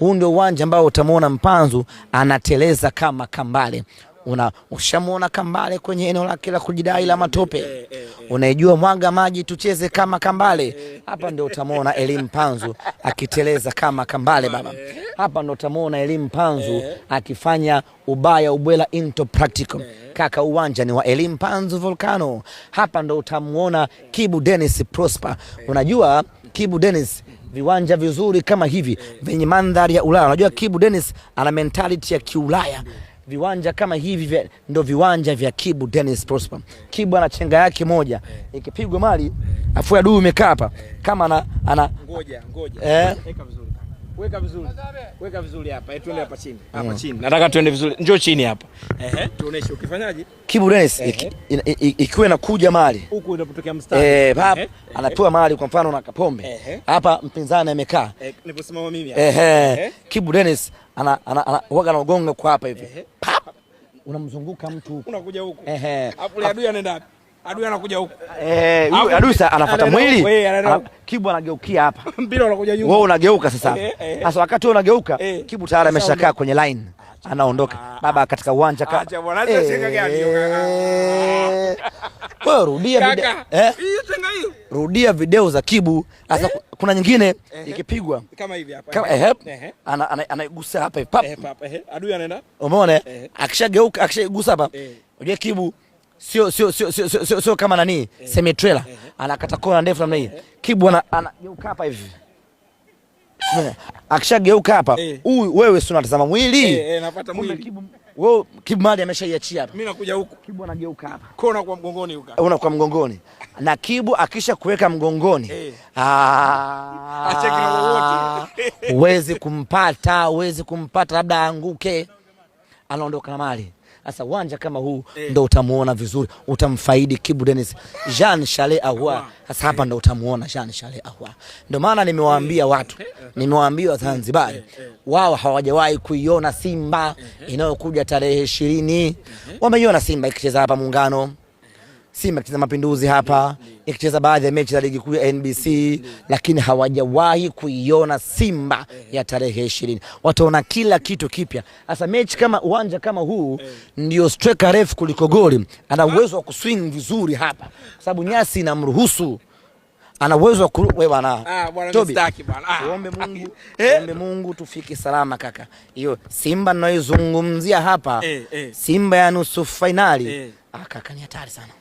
Huu ndio uwanja ambao utamuona Mpanzu anateleza kama Kambale. Una ushamuona Kambale kwenye eneo lake la kujidai la matope, eh, eh, eh, unaijua mwaga maji tucheze kama Kambale. Hapa ndio utamuona Elimu Panzu akiteleza kama Kambale baba. Hapa ndio utamuona Elimu Panzu akifanya ubaya ubwela into practical kaka, uwanja ni wa elimu panzu Volcano. Hapa ndo utamuona Kibu Dennis Prosper. Unajua Kibu Dennis viwanja vizuri kama hivi vyenye mandhari ya Ulaya. Unajua Kibu Dennis ana mentality ya Kiulaya. Viwanja kama hivi ndio viwanja vya Kibu Dennis Prosper. Kibu ana chenga yake moja ikipigwa mali afu duu imekaa hapa kama ana, ana, ngoja ngoja eh, Weka vizuri. Weka vizuri hapa. Eh, twende hapa chini. Hapa yeah. chini. Nataka twende vizuri. Njoo chini hapa. Ehe. Tuoneshe ukifanyaje? Kibu Dennis ikiwa inakuja mali. Huko inapotokea mstari. Eh, hapa anapewa mali kwa mfano na Kapombe. Hapa mpinzani amekaa. Eh, niliposimama mimi hapa. Ehe. Kibu Dennis ana ana ana waga anagonga kwa hapa hivi. Unamzunguka mtu huko. Unakuja huko. Ehe. Alafu adui anaenda wapi? adui anakuja huko eh, huyu adui sasa anafuata mwili eh, kibu anageukia hapa, mpira unakuja nyuma, wewe unageuka sasa sasa eh, eh, eh, sasa wakati wewe unageuka eh, kibu tayari ameshakaa kwenye line anaondoka ah, ah. baba katika uwanja ka acha bwana, acha chenga gani wewe, rudia video eh, hiyo chenga hiyo, rudia video za kibu sasa eh, kuna nyingine ikipigwa kama hivi hapa kama eh, anaigusa hapa pap, adui anaenda, umeona, akishageuka akishagusa hapa, unajua kibu sio sio sio sio sio sio sio kama nani eh. semi trailer eh, eh. anakata kona ndefu namna hii, Kibu anageuka hapa hivi, akishageuka hapa huyu, wewe si unatazama mwili eh, napata mwili Kibu wewe, Kibu mali ameshaiachia hapa, mimi nakuja huku, Kibu anageuka hapa, kona kwa mgongoni huko, una kwa mgongoni na Kibu akisha kuweka mgongoni ah, acheki na wote, uwezi kumpata, uwezi kumpata, labda aanguke anaondoka na mali. Sasa uwanja kama huu hey, eh. ndo utamuona vizuri, utamfaidi Kibu Dennis Jean Shale Ahoua. Sasa hapa eh. ndo utamuona Jean Shale Ahoua. ndo maana nimewaambia eh. watu, nimewaambia Wazanzibari wao hawajawahi kuiona Simba inayokuja tarehe ishirini. Wameiona Simba ikicheza hapa Muungano, Simba ikicheza Mapinduzi hapa ikicheza baadhi ya mechi za ligi kuu ya NBC lakini hawajawahi kuiona Simba ya tarehe ishirini. Wataona kila kitu kipya. Sasa mechi kama uwanja kama huu ndio streka refu kuliko goli, ana uwezo wa kuswing vizuri hapa, sababu nyasi inamruhusu ana uwezo wewe bwana ah, Tobi, ah. tuombe Mungu, eh? tuombe Mungu tufike salama kaka. Hiyo Simba ninayozungumzia hapa eh, eh. Simba ya nusu fainali ah, kaka ni hatari sana.